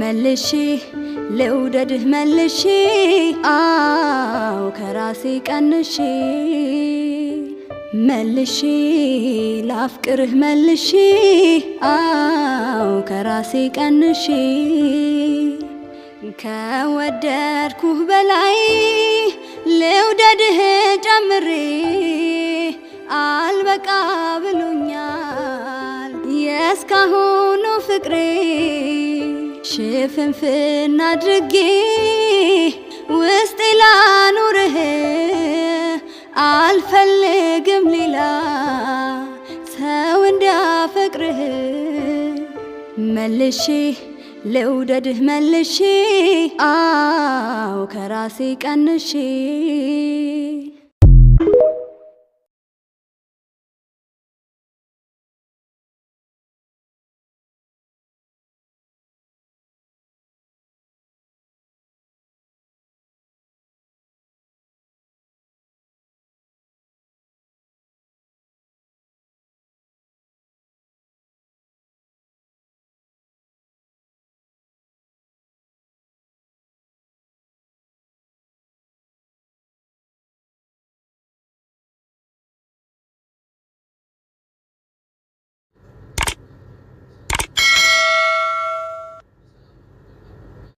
መልሼ ልውደድህ መልሼ አው ከራሴ ቀንሼ መልሼ ላፍቅርህ መልሼ አው ከራሴ ቀንሼ ከወደድኩህ በላይ ልውደድህ ጨምሬ አልበቃ ብሎኛል የእስካሁኑ ፍቅሬ ሽፍንፍን አድርጌ ውስጤ ላኑርህ አልፈልግም ሌላ ሰው እንዳፈቅርህ መልሼ ልውደድህ መልሼ አው ከራሴ ቀንሼ